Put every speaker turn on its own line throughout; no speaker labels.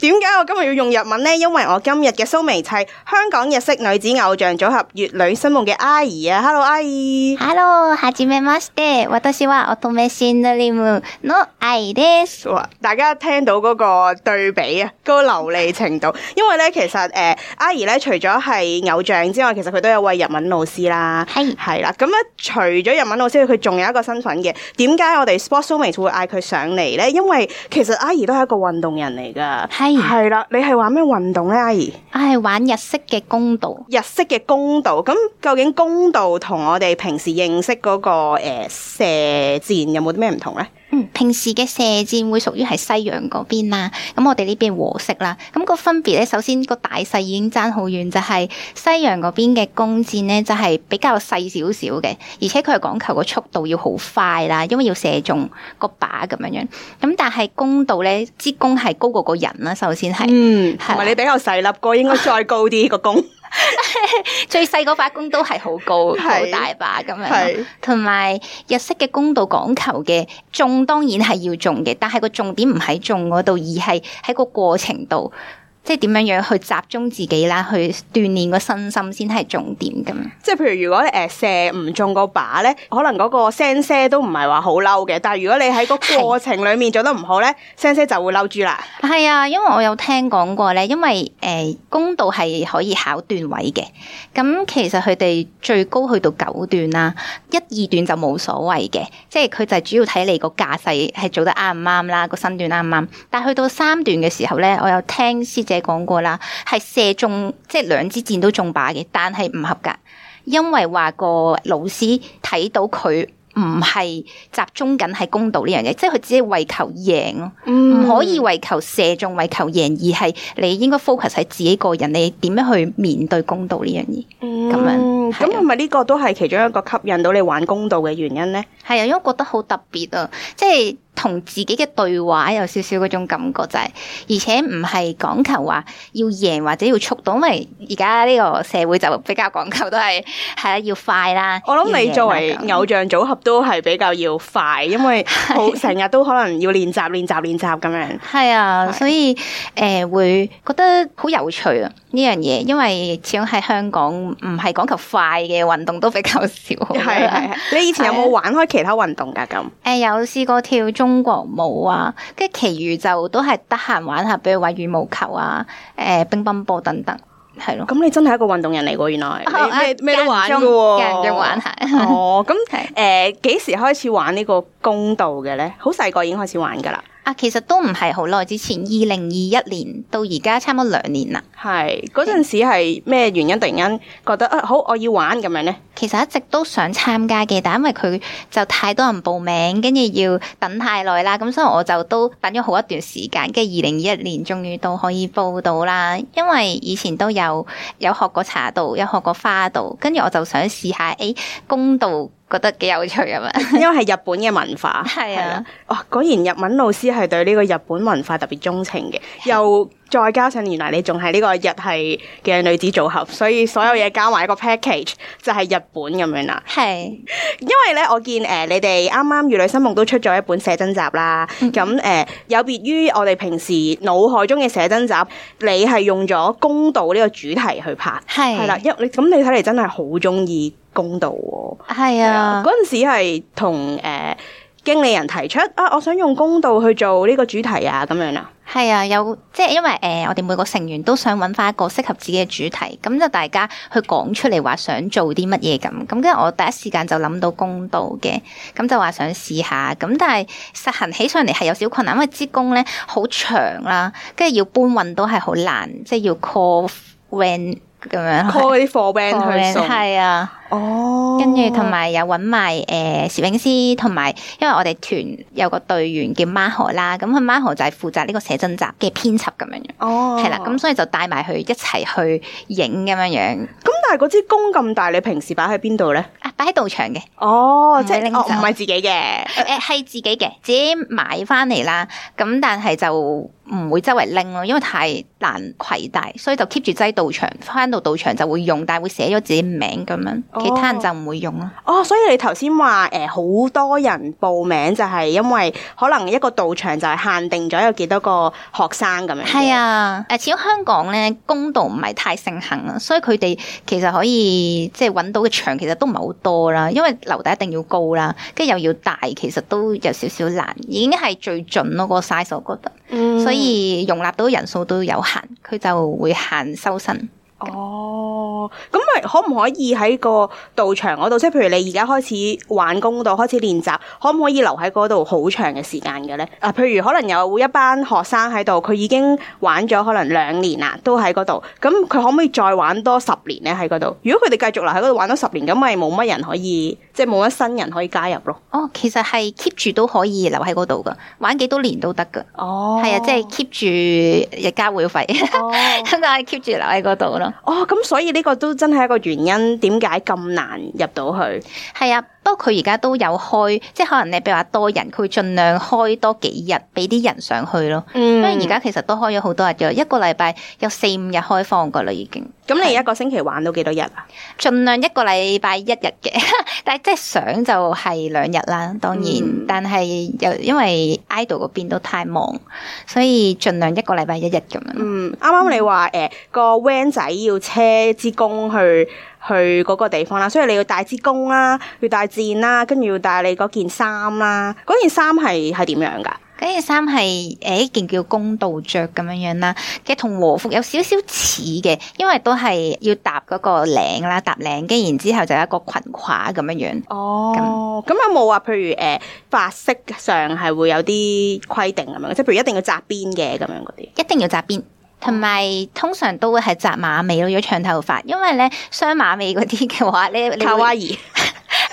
點解我今日要用日文咧？因為我今日嘅 Sportsomate 係香港日式女子偶像組合乙
女新夢嘅阿 Ai 啊，Hello 阿 Ai Hello，はじめまして、私はおとめしのりむの愛です。哇，大家聽到嗰個對比啊，
嗰、嗰個流利程度，因為咧其實誒、呃，阿 Ai 咧除咗係偶像之外，其實佢都有位日文老師啦。係係い啦，咁、嗯、咧除咗日文老師，佢仲有一個身份嘅。點解我哋 Sportsomate 會嗌佢上嚟咧？因為其實阿 Ai 都係一個運動人嚟㗎。係係啦，你係玩咩運動咧，Ai？我係玩日式嘅弓道。日式嘅弓道，咁究竟弓道同我哋平時認識嗰、嗰個誒、欸、射箭有
冇啲咩唔同咧？嗯、平時嘅射箭會屬於係西洋嗰邊啦，咁我哋呢邊和式啦。咁、嗰個分別咧，首先個大細已經爭好遠，就係、是、西洋嗰邊嘅弓箭咧，就係、是、比較細少少嘅，而且佢係講求個速度要好快啦，因為要射中個靶咁樣樣。咁但係弓道咧，支弓係高過個人啦，首先係，唔係、嗯、啦你比較細粒個，應該再高啲個弓。啊 最細嗰把弓都係好高好是 大把咁樣，同埋是 日式嘅弓道講求嘅中，當然係要中嘅，但係個重點唔喺中嗰度，而係喺個過程度。即係點樣樣去集中自己啦，去鍛煉個身心先係重點咁。
即係譬如如果你射唔中個靶咧，可能嗰個聲聲都唔係話好嬲嘅。但係如果你喺個過程裏面做得唔好咧，聲聲的就會嬲住啦。
係啊，因為我有聽講過咧，因為誒弓、呃、道係可以考段位嘅。咁其實佢哋最高去到九段啦，一二段就冇所謂嘅。即係佢就係主要睇你個架勢係做得啱唔啱啦，個身段啱唔啱。但係去到三段嘅時候咧，我有聽師講過啦，係射中即係兩支箭都中靶嘅，但係唔合格，因為話個老師睇到佢唔係集中緊喺弓道呢樣嘢，即係佢只係為求贏咯，嗯、唔可以為求射中為求贏，而係你應該 focus 喺自己個人，你點樣去面對弓道呢樣嘢。咁樣咁係咪呢個都係其中一個吸引到你玩弓道嘅原因咧？係啊，因為覺得好特別啊，即係。同自己嘅對話有少少種感覺就係、是、而且唔係講求話要贏或者要速度，因為而家呢個社會就比較講究都係係啊要快啦。我諗想你作為偶像組合
都係比較要快，因
為好成日都可能要練習練習練習咁樣，係啊，是所以誒、呃、會覺得好有趣啊呢樣嘢，因為始終喺香港唔係講求快嘅運動都比較少。係係、啊、你以前有冇玩開其他運動噶咁？誒、 啊呃、有試過跳。中國舞啊，跟住其餘就都係得閒玩下，比如玩羽毛球啊、誒、呃、乒乓波等等，係咯。咁你真係一個運動人嚟噶，原來
咩、哦、都玩噶、啊？間、啊、中，中玩下。哦，咁誒，幾的、呃、時開始玩呢個弓道嘅咧？好細個已經開始玩噶啦。啊，其實都唔係好耐
之前，二零二一年到而家差唔多兩年啦。係嗰陣時係咩原因是突然間覺得啊，好，我要玩咁樣咧？其實一直都想參加嘅，但因為佢就太多人報名，跟住要等太耐啦，咁所以我就都等咗好一段時間。跟住二零二一年終於都可以報到啦。因為以前都有有學過茶道，有學過花道，跟住我就想試下誒，弓道。覺得幾有趣咁啊！ 因為係日本嘅文化，
係是啊，哇、啊！果然日文老師係對呢個日本文化特別鍾情嘅，又再加上原來你仲係呢個日係嘅女子組合，所以所有嘢加埋一個 package 就係日本咁樣啦。係，是啊、 因為咧，我見誒、呃，你哋啱啱《乙女新夢》都出咗一本寫真集啦。咁誒、嗯哼 呃，有別於我哋平時腦海中嘅寫真集，你係用咗弓道呢個主題去拍，係係啦。因你咁，你睇嚟真係好中意。弓道
係啊，嗰
陣、啊、時係同誒經
理人提出啊，我想用弓道去做呢個主題啊，咁樣啊，係啊，有即係、就是、因為誒、呃、我哋每個成員都想揾翻一個適合自己嘅主題，咁就大家去講出嚟話想做啲乜嘢咁。咁跟住我第一時間就諗到弓道嘅，咁就話想試下。咁但係實行起上嚟係有少困難，因為支弓咧好長啦，跟住要搬運都係好難，即、就、係、是、要 call van 咁樣 call 啲貨 van 去係啊。哦，跟住同埋有搵埋誒攝影師，同埋因為我哋團有個隊員叫 m a 孖河啦，咁佢 m a 孖河就係負責呢個寫真集嘅編輯咁樣、哦、樣。哦，係啦，咁所以就帶埋佢一齊去影咁樣樣。咁但係嗰支弓咁大，你平時擺喺邊度咧？啊，擺喺道場嘅、哦。哦，即係哦，唔係自己嘅。誒、呃，係自己嘅，自己買翻嚟啦。咁但係就唔會周圍拎咯，因為太難攜帶，所以就 keep 住擠道場，翻到道場就會用，但係會寫咗自己名咁樣。其他人就唔
會用啦。哦，所以你頭先話誒好多人報名，就係因為可能一個道場就係限定咗有幾多個學生咁樣。係啊，
誒、呃，始終香港呢弓道唔係太盛行啊，所以佢哋其實可以即係揾到嘅場其實都唔係好多啦，因為樓底一定要高啦，跟住又要大，其實都有少少難，已經係最盡咯個 size，我覺得。嗯。所以容納到人數都有限，佢就會限收生。
哦，咁咪可唔可以喺個道場嗰度？即係譬如你而家開始玩弓道，開始練習，可唔可以留喺嗰度好長嘅時間嘅咧？啊，譬如可能有一班學生喺度，佢已經玩咗可能兩年啦，都喺嗰度。咁佢可唔可以再玩多十年咧？喺嗰度，如果佢哋繼續留喺
嗰度玩多十年，咁咪冇乜人可以，即係冇乜新人可以加入咯。哦，其實係 keep 住都可以留喺嗰度噶，玩幾多年都得噶。哦，係啊，即係 keep 住日交會費，咁就 keep 住留喺嗰度咯。哦，咁所以呢個都真係一個原因，點解咁難入到去？係啊。不過佢而家都有開，即係可能你比如多人，佢會盡量開多幾日俾啲人上去咯。因為而家其實都開咗好多日嘅，一個禮拜有四五日開放噶啦，已經。咁、嗯、是你一個星期玩到幾多日啊？盡量一個禮拜一日嘅， 但係即係想就係兩日啦，當然。嗯、但係又因為 idol 嗰邊都太忙，所以盡量一個禮拜一日咁樣。嗯，
啱啱你話誒、嗯呃那個 van 仔要車資工去。去嗰個地方啦，所以你要帶支弓啦，要帶箭啦，跟住要帶你嗰件衫啦。嗰件
衫係係點樣㗎？嗰件衫係誒一件叫弓道着咁樣樣啦，嘅同和服有少少似嘅，因為都係要搭嗰個領啦，搭領跟住然之後就一個裙褂咁樣、哦、樣。哦，咁有冇話譬如誒髮式
上係會有啲規定咁樣，即係譬如一定要紮辮嘅咁樣嗰啲，
一定要紮辮。同埋通常都會係紮馬尾咯，如果長頭髮，因為咧雙馬尾嗰啲嘅話咧，卡哇伊，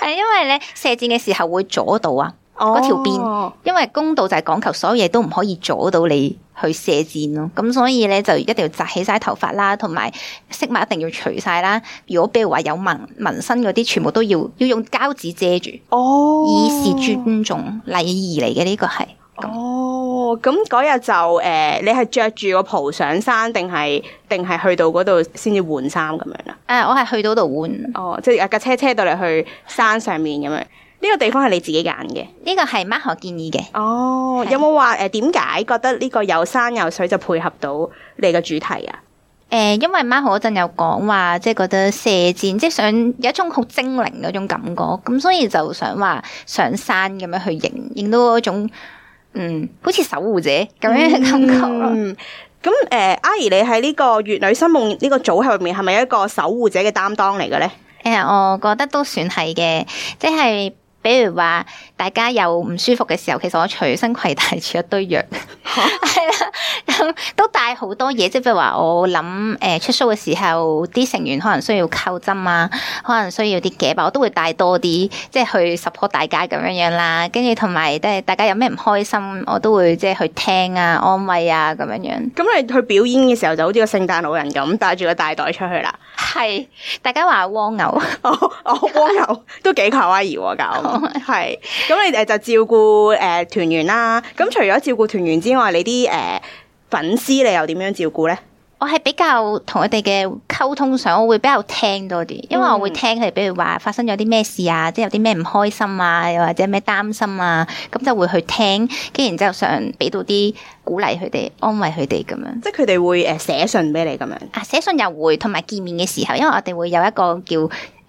係愛 因為咧射箭嘅時候會阻到啊，嗰條辮，oh. 因為弓道就係講求所有嘢都唔可以阻到你去射箭咯，咁所以咧就一定要紮起晒頭髮啦，同埋飾物一定要除晒啦，如果比如話有紋紋身嗰啲，全部都要要用膠紙遮住，哦，oh. 以示尊重禮儀嚟嘅呢個係。
哦，咁嗰日就誒、呃，你係着住個袍上山，定係定係去到嗰度先至換衫咁樣啦？誒、啊，
我係去到度換，哦，即係架車車到嚟
去山上面咁樣。呢的個地方係你自己揀嘅？
呢個係 Marco 建議嘅。哦，的
有冇話誒，點、呃、解
覺得呢個有山有水就配合到
你嘅主題啊？誒、
呃，因為 Marco 嗰陣有講話，即係覺得射箭，即係想有一種好精靈嗰種感覺，咁所以就想話上山咁樣去影影到嗰種。嗯，好似守護者咁、嗯、樣嘅感覺。咁誒、嗯
呃，阿姨你喺呢個乙女新夢呢個組合入面係咪有一個守護者嘅擔當嚟嘅咧？誒、
嗯，我覺得都算係嘅，即係。比如話，大家有唔舒服嘅時候，其實我隨身攜帶住一堆藥，係啦，都帶好多嘢。即譬如話，我諗誒出 show 嘅時候，啲成員可能需要扣針啊，可能需要啲夾吧，我都會帶多啲，即係去 support 大家咁樣樣啦。跟住同埋即係大家有咩唔開心，我都會即係去聽啊、安慰啊咁樣樣。咁你去表演嘅時候，就好似個聖誕老人咁，帶住個大袋出去啦。係，大家話蝸牛， 哦
蝸牛都幾卡哇伊㗎。
係，咁 你誒就照顧
誒團員啦。咁、嗯、除咗照顧團員之外，你啲誒、呃、粉絲你又點樣照顧咧？
我係比較同佢哋嘅溝通上，我會比較聽多啲，因為我會聽佢哋，比如話發生咗啲咩事啊，即係有啲咩唔開心啊，又或者咩擔心啊，咁就會去聽，跟住然之後想俾到啲鼓勵佢哋、安慰佢哋咁樣。即係佢哋會誒寫信俾你咁樣。啊，寫信又會，同埋見面嘅時候，因為我哋會有一個叫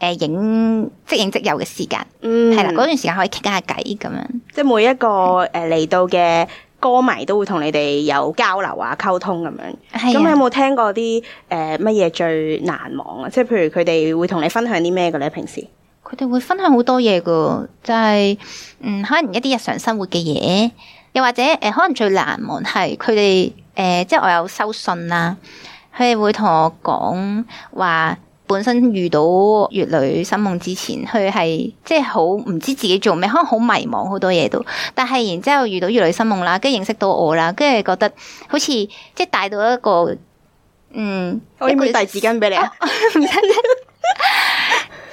誒影、呃、即影即有嘅時間。嗯，係啦，嗰段時間可以傾下偈咁樣。
即係每一個誒嚟到嘅。嗯歌迷都會同你哋有交流啊、溝通咁樣，咁、啊、你有冇聽過啲誒乜嘢最難忘啊？即係譬如佢哋會同你分享啲咩嘅咧？平時
佢哋會分享好多嘢㗎，就係、是、嗯，可能一啲日常生活嘅嘢，又或者誒、呃，可能最難忘係佢哋誒，即係我有收信喇，佢哋會同我講話。本身遇到乙女新夢之前，佢係即係好唔知自己做咩，可能好迷茫，好多嘢都。但係然之後遇到乙女新夢啦，跟住認識到我啦，跟住覺得好似即係帶到一個，嗯，我要帶紙巾
俾你啊！唔使。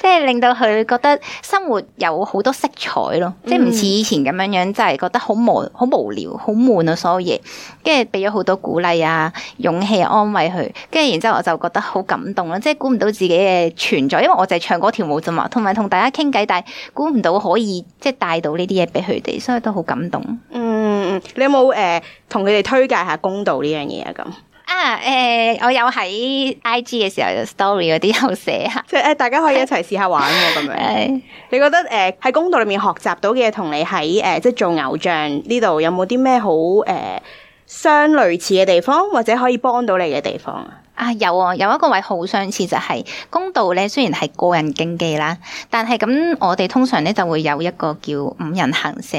即係令到佢覺得生活有好多色彩咯，即係唔似以前咁樣樣，即係覺得好無好無聊好悶啊，所有嘢。跟住俾咗好多鼓勵啊、勇氣啊、安慰佢。跟住然之後我就覺得好感動啦，即係估唔到自己嘅存在，因為我就係唱歌跳舞咋嘛，同埋同大家傾偈，但係估唔到可以即係帶到呢啲嘢俾佢哋，所以都好感動。
嗯，你有冇誒同佢哋推介下《弓道、啊》呢樣嘢啊咁？
啊誒、呃，我有喺 IG 嘅時候 story 嗰啲有寫啊，即係誒，大家可以一齊
試下玩嘅咁樣。 你覺得誒喺、呃、公道裏面學習到嘅同你喺誒、呃、即係做偶像呢度有冇啲咩好誒、呃、相類似嘅地方，或者可以幫到你嘅地方？
啊有啊、哦，有一個位好相似就係、是、弓道咧，雖然係個人競技啦，但係咁我哋通常咧就會有一個叫五人行射，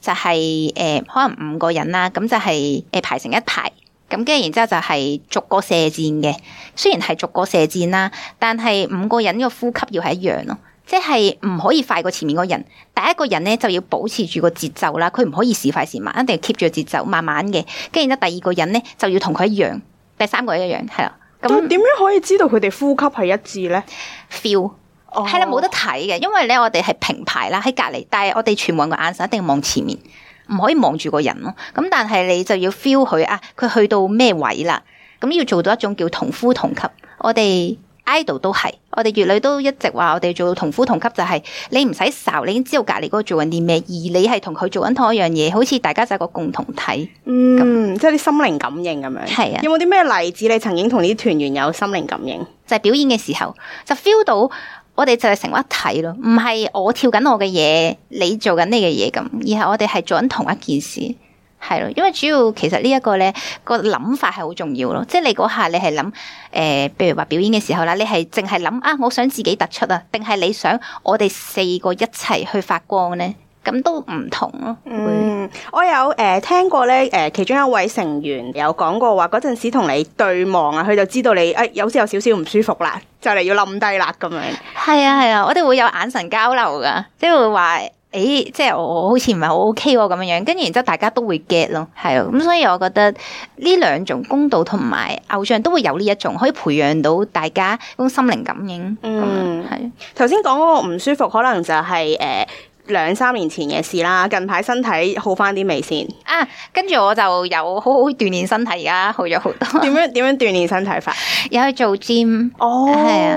就係、是、誒、呃、可能五個人啦，咁就係、是、誒、呃、排成一排。咁跟住，然之後就係逐個射箭嘅。雖然係逐個射箭啦，但係五個人個呼吸要係一樣咯，即係唔可以快過前面個人。第一個人咧就要保持住個節奏啦，佢唔可以時快時慢，一定要 keep 住個節奏，慢慢嘅。跟住咧，第二個人咧就要同佢一樣，第三個人一樣，係啦。咁點樣可以知道佢哋呼吸係一致咧？feel 係啦、oh.，冇得睇嘅，因為咧我哋係平排啦，喺隔籬，但係我哋全部人個眼神一定要望前面。唔可以望住個人咯，咁但係你就要 feel 佢啊，佢去到咩位啦？咁要做到一種叫同呼同吸，我哋 idol 都係，我哋乙女都一直話我哋做到同呼同吸，就係、是、你唔使愁，你已經知道隔籬嗰個做緊啲咩，而你係同佢做緊同一樣嘢，好似大家就係個共同體，嗯，樣即係啲心靈感應咁樣，係啊。有冇啲咩例子？你曾經同啲團員有心靈感應？就係表演嘅時候，就 feel 到。我哋就係成為一體咯，唔係我跳緊我嘅嘢，你做緊你嘅嘢咁，而係我哋係做緊同一件事，係咯，因為主要其實呢一個咧個諗法係好重要咯，即係你嗰下你係諗，誒、呃，譬如話表演嘅時候啦，你係淨係諗啊，我想自己突出啊，定係你想我哋四個一齊去發光呢？咁都唔同咯、啊。
嗯，我有誒、呃、聽過咧，誒、呃、其中一位成員有講過話，嗰陣時同你對望啊，佢就知道你誒，好、哎、似有少少唔舒服啦，就嚟要冧低啦咁樣。係啊
係啊，啊，我哋會有眼神交流噶，即係會話誒、欸，即係我好似唔係好 OK 咁、啊、樣樣，跟住然之後大家都會 get 咯，係咯、啊。咁所以我覺得呢兩種弓道同埋偶像都會有呢一種，可以培養到大家嗰種心靈感應。嗯，係。
頭先講嗰個唔舒服，可能就係、是、誒。呃兩三年前嘅事啦，近排身體好返啲未
先？啊，跟住我就有好好鍛鍊身體，而家好咗好多。點樣點樣鍛鍊身體法？有去做 gym，哦，係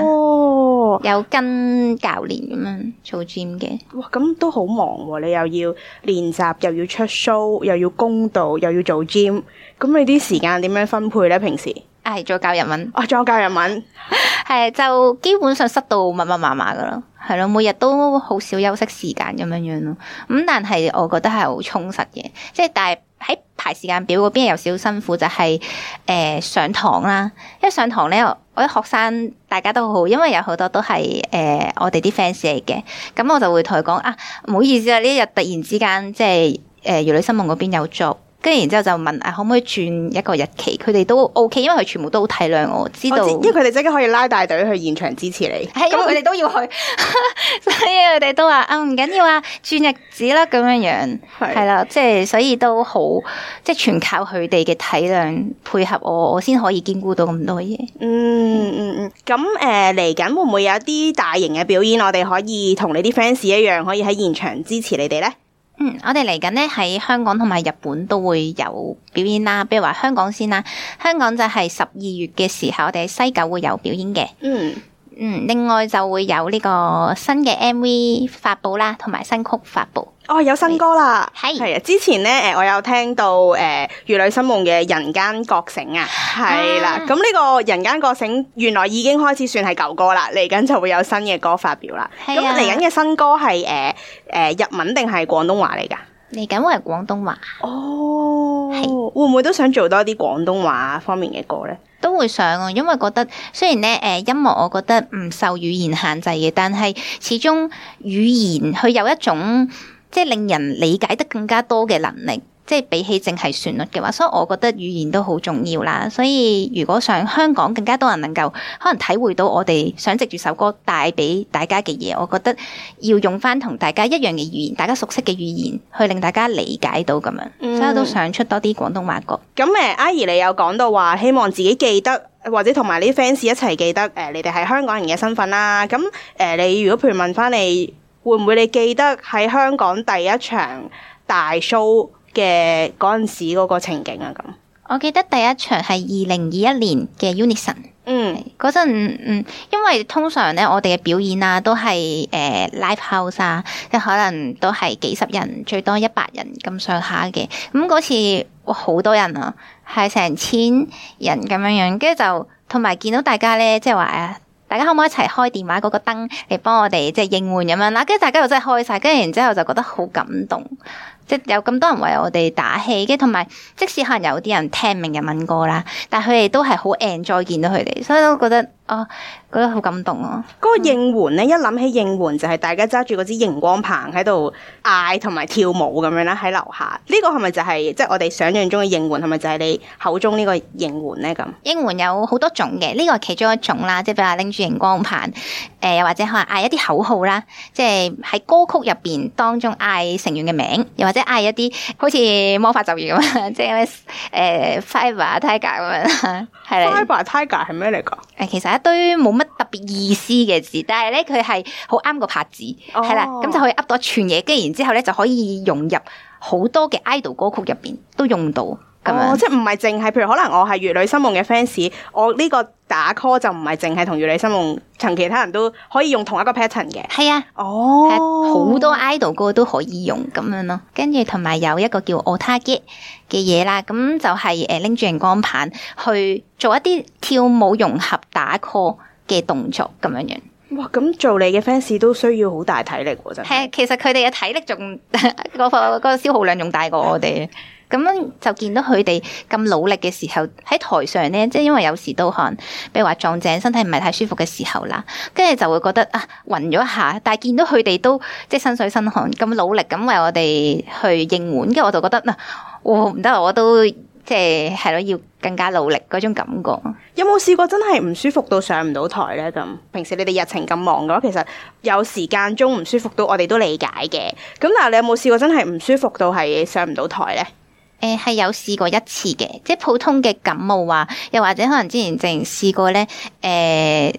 啊，有跟教練咁樣做 gym 嘅。
哇，咁都好忙喎啊！你又要練習，又要出 show，又要弓道，又要做 gym，咁你啲時間點樣分配咧？平時？
唉，再、啊、教日文。哦，再教日文，係 就基本上塞到密密麻麻噶咯。係咯，每日都好少休息時間咁樣樣咯。咁但係我覺得係好充實嘅，即、就、係、是、但係喺排時間表嗰邊有少少辛苦，就係、是、誒、呃、上堂啦。因為上堂咧，我啲學生大家都好，因為有好多都係誒、呃、我哋啲 fans 嚟嘅，咁我就會同佢講啊，唔好意思啊，呢一日突然之間即係誒乙女新夢嗰邊有做。跟住，然之後就問誒、啊、可唔可以轉一個日期？佢哋都 O、OK, K，因為佢全部都好體諒我,我知道，因為佢哋即刻可以拉大隊去現場支持你，係因為佢哋都要去， 所以佢哋都話唔緊要啊，轉、啊、日子啦咁樣樣係啦，即係 的、就是、所以都好，即、就、係、是、全靠佢哋嘅體諒配合我，我先可以兼顧到咁多嘢。嗯
嗯嗯咁誒嚟緊會唔會有一啲大型嘅表演？ 我哋可以同你啲 fans 一樣，可以喺現場支持你哋咧。
嗯，我哋嚟緊咧喺香港同埋日本都會有表演啦，比如話香港先啦，香港就係十二月嘅時候，我哋喺西九會有表演嘅。嗯。嗯，另外就會有呢個新嘅 MV 發布啦，同埋新曲發布。哦，有新歌啦，係係啊！
之前咧誒，我有聽到誒《乙、呃、女新夢》嘅《人間覺醒》啊，係啦。咁呢個《人間覺醒》原來已經開始算係舊歌啦，嚟緊就會有新嘅歌發表啦。咁嚟緊嘅新歌係誒誒日文定係廣東話嚟㗎？嚟緊我係廣東話哦，係是會唔會都想做多啲廣東話方面嘅歌咧？
都會想啊，因為覺得雖然咧，誒，音樂我覺得唔受語言限制嘅，但係始終語言佢有一種即係令人理解得更加多嘅能力。即係比起淨係旋律嘅話，所以我覺得語言都好重要啦。所以如果想香港更加多人能夠可能體會到我哋想藉住首歌帶俾大家嘅嘢，我覺得要用翻同大家一樣嘅語言，大家熟悉嘅語言，去令大家理解到咁樣。所以我都想出多啲廣東話歌。
咁誒、嗯，阿怡你有講到話希望自己記得，或者同埋啲 fans 一齊記得誒、呃，你哋係香港人嘅身份啦、啊。咁誒、呃，你如果譬如問翻你，會唔會你記得喺香港第一場大 show 嘅嗰陣時嗰個情景啊，咁
我記得第一場係二零二一年嘅 Unison。嗯，嗰陣，嗯，因為通常咧我哋嘅表演啊，都係誒、呃、live house 啊，即可能都係幾十人，最多一百人咁上下嘅。咁、嗯、嗰次，哇，好多人啊，係成千人咁樣樣，跟住就同埋見到大家咧，即係話誒，大家可唔可以一齊開電話嗰個燈嚟幫我哋即係應援咁樣啦？跟住大家又真係開晒，跟住然之後就覺得好感動。即有咁多人為我哋打氣，跟住同埋，即使可能有啲人聽明日文歌啦，但佢哋都係好 enjoy 見到佢哋，所以我覺得啊、哦，覺得好感動咯、啊。嗰個應援咧，嗯、一諗
起應援就係、是、大家揸住嗰支熒光棒喺度嗌同埋跳舞咁樣啦，喺樓下。呢、這個係咪就係、是、即、就是、我哋想象中嘅應援？係咪就係你口中呢個應援咧？咁
應援有好多種嘅，呢、這個其中一種啦，即比如話拎住熒光棒，誒、呃、又或者可能嗌一啲口號啦，即喺歌曲入邊當中嗌成員嘅名，又或者。即係嗌一啲好似魔法咒語咁啊，即係咩誒、欸、Fiber 啊，Tiger 咁樣，係、嗯、咪？Fiber Tiger 係咩嚟噶？誒，其實一堆冇乜特別意思嘅字，但係咧佢係好啱個拍子，係啦、oh.，咁就可以噏到串嘢，跟住然之後咧就可以融入好多嘅 idol 歌曲入邊，都用到。哦，即係唔係淨係，譬如可能我係《乙女新夢》嘅 fans，
我呢個打 call 就唔係淨係同《乙女新夢》，同其他人都可以用同一個 pattern
嘅，係啊，哦，好、啊、多 idol 歌都可以用咁樣咯、啊。跟住同埋有一個叫 otagei 嘅嘢啦，咁就係誒拎住熒光棒去做一啲跳舞融合打 call 嘅動作咁樣樣、啊。哇，咁做你嘅 fans 都需要好大體力喎，真係、啊。其實佢哋嘅體力仲嗰個個消耗量仲大過我哋。 咁樣就見到佢哋咁努力嘅時候喺台上咧，即係因為有時都可能，比如話撞正身體唔係太舒服嘅時候啦，跟住就會覺得啊暈咗一下。但係見到佢哋都即係身水身汗咁努力咁為我哋去應援，跟住我就覺得嗱，我唔得，我都即係係咯，要更加努力嗰種感覺。有冇試過真係唔
舒服到上唔到台咧？咁平時你哋日程咁忙嘅話，其實有時間中唔舒服到我哋都理解嘅。咁但係你有冇試過真係唔舒服到係上唔到台咧？
誒，係、呃、有試過一次嘅，即係普通嘅感冒啊，又或者可能之前淨試過咧，誒、呃、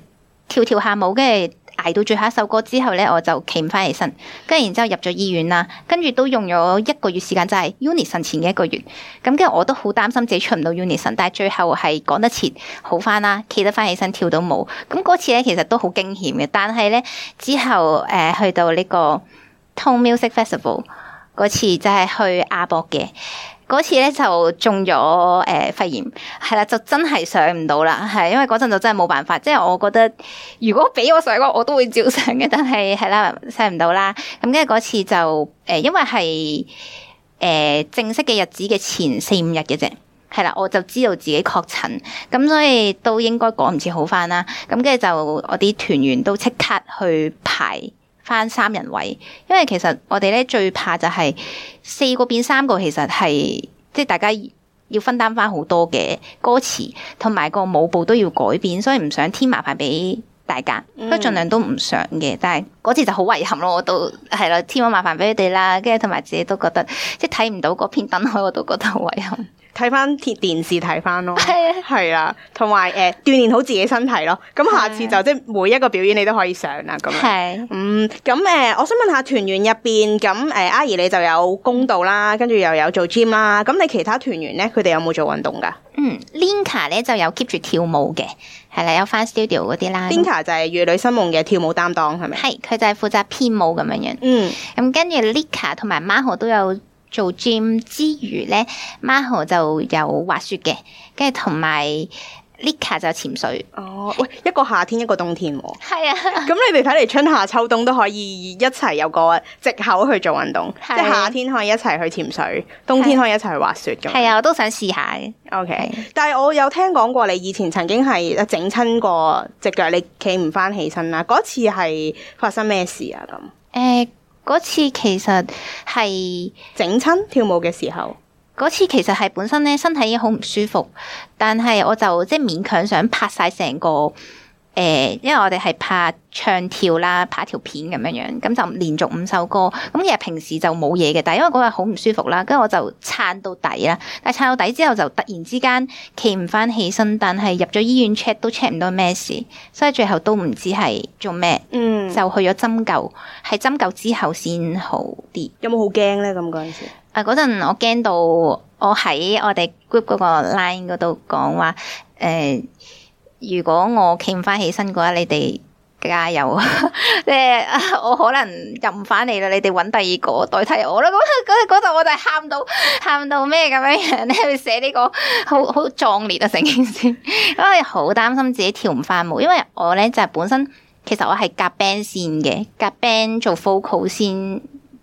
跳跳下舞，跟住挨到最後一首歌之後咧，我就企唔翻起身，跟住然之後入咗醫院啦，跟住都用咗一個月時間，就係、是、Unison 前嘅一個月，咁跟住我都好擔心自己出唔到 Unison，但係最後係趕得切好翻啦，企得翻起身跳到舞，咁嗰次咧其實都好驚險嘅，但係咧之後誒、呃、去到呢個 Tone Music Festival 嗰次，就係去阿博嘅。嗰次咧就中咗誒、呃、肺炎，係啦，就真係上唔到啦，係因為嗰陣就真係冇辦法，即係我覺得如果俾我上個我，我都會照上嘅，但係係啦上唔到啦，咁跟住嗰次就誒、呃，因為係誒、呃、正式嘅日子嘅前四五日嘅啫，係啦，我就知道自己確診，咁、嗯、所以都應該趕唔切好返啦，咁跟住就我啲團員都即刻去排。翻三人位，因為其實我哋咧最怕就係四個變三個，其實係即係大家要分擔翻好多嘅歌詞，同埋個舞步都要改變，所以唔想添麻煩俾大家，都盡量都唔想嘅。但係嗰次就好遺憾咯，我都係咯，添咗麻煩俾你哋啦，跟住同埋自己都覺得即係睇唔到嗰片燈海，我都覺得好遺憾。
睇翻電電視睇翻咯，係啊， 同埋誒鍛煉好自己身體咯。咁下次就即係 每一個表演你都可以上啦。咁樣， 嗯，咁誒、呃，我想問下團員入邊，咁誒，Ai、呃、你就有弓道啦，跟住又有做 gym 啦。咁你其他團員咧，佢哋有冇做運動噶？嗯 Linka 咧就有 keep 住
跳舞嘅，係啦，有翻 studio 嗰啲啦。Linka 就係《乙女新夢》嘅跳舞擔當，係咪？係，佢就係負責編舞咁樣樣。嗯，咁跟住 Lika 同埋 Maho 都有。做 gym 之餘咧 Marco 就有滑雪嘅，跟住同埋 Lika 就潛水。哦，喂，一個夏天一個冬天、哦，係啊是的。咁
你哋睇嚟春夏秋冬都可以一齊有個藉口去做運動，即、就、係、是、夏天可以一齊去潛水，冬天可以一齊去滑雪咁。係啊，我都想試下。嘅 Okay。O K，的但係我有聽講過你以前曾經係整親過隻腳，你企唔翻起身啦。嗰次係發生
咩事啊？咁誒。欸嗰次其實係整親跳舞嘅時候，嗰次其實係本身呢身體已經好唔舒服，但係我就即係、就是、勉強想拍晒成個。誒，因為我哋係拍唱跳啦，拍條片咁樣樣，咁就連續五首歌。咁其實平時就冇嘢嘅，但係因為嗰日好唔舒服啦，跟住我就撐到底啦。但係撐到底之後，就突然之間企唔翻起身，但係入咗醫院 check 都 check 唔到咩事，所以最後都唔知係做咩。嗯，就去咗針灸，係針灸之後先好啲。嗯
啊、有冇好驚咧？咁嗰陣時，
啊嗰陣我驚到我喺我哋 group 嗰個 line 嗰度講話誒。呃如果我企唔翻起身嘅話，你哋加油！即 係我可能入唔翻嚟啦，你哋揾第二個代替我啦。咁嗰嗰度我就喊到喊到咩咁樣樣你，寫 呢、這個好好壯烈啊！成件事，因為好擔心自己跳唔翻舞，因為我咧就係、是、本身其實我係夾 band 線嘅，夾 band 做 focal 先。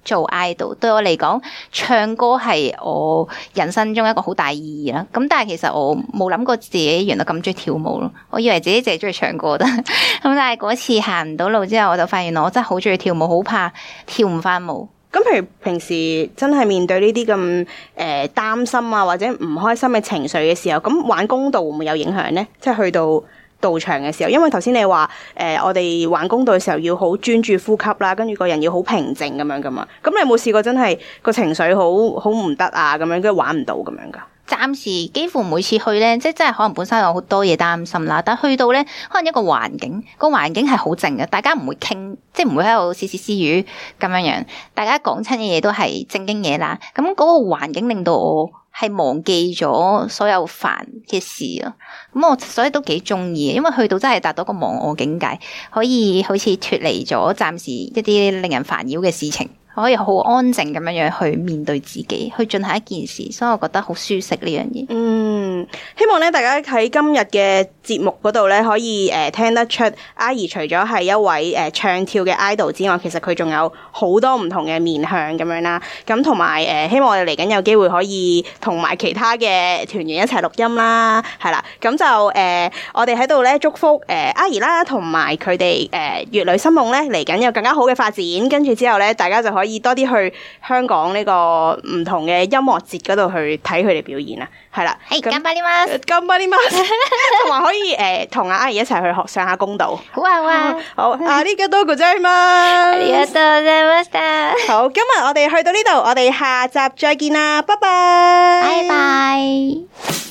做 idol 對我嚟講，唱歌係我人生中一個好大意義啦。咁但係其實我冇諗過自己原來咁中意跳舞咯。我以為自己淨係中意唱歌得。咁但係嗰次行唔到路之後，我就發現我真係好中意跳舞，好怕跳唔返舞。
咁譬如平時真係面對呢啲咁誒擔心啊或者唔開心嘅情緒嘅時候，咁玩弓道會唔會有影響咧？即係去到。道場嘅時候，因為頭先你話誒、呃，我哋玩弓道嘅時候要好專注呼吸啦，跟住個人要好平靜咁樣噶嘛。咁你有冇試過真係個情緒好好唔得啊咁樣，跟住玩唔到咁樣噶？
暫時幾乎每次去咧，即係真係可能本身有好多嘢擔心啦，但係去到咧，可能一個環境，個環境係好靜嘅，大家唔會傾，即係唔會喺度竊竊私語咁樣樣，大家講親嘅嘢都係正經嘢啦。咁嗰個環境令到我。係忘記咗所有煩嘅事啊！咁我所以都幾鍾意，因為去到真係達到個忘我境界，可以好似脫離咗暫時一啲令人煩擾嘅事情。可以好安靜咁樣樣去面對自己，去進行一件事，所以我覺得好舒適呢樣嘢。嗯，
希望咧大家喺今日嘅節目度咧，可以誒聽得出阿 Ai 除咗係一位誒唱跳嘅 idol 之外，其實佢仲有好多唔同嘅面向咁樣啦。咁同埋誒希望我哋嚟緊有機會可以同埋其他嘅團員一齊錄音啦，係啦。咁就誒、呃、我哋喺度咧祝福誒、呃、阿 Ai 啦，同埋佢哋誒乙女新夢咧嚟緊有更加好嘅發展。跟住之後咧，大家就可以。以多啲去香港呢個唔同嘅音樂節嗰度去睇佢哋表演啦，係啦，
係頑張ります，頑張ります同
埋可以誒，同、呃、阿阿姨一齊去學上下弓道，好啊，好，阿呢個多 g o o d d i a y 好，今日我哋去到呢度，我哋下集再見啦，拜拜 bye，拜拜。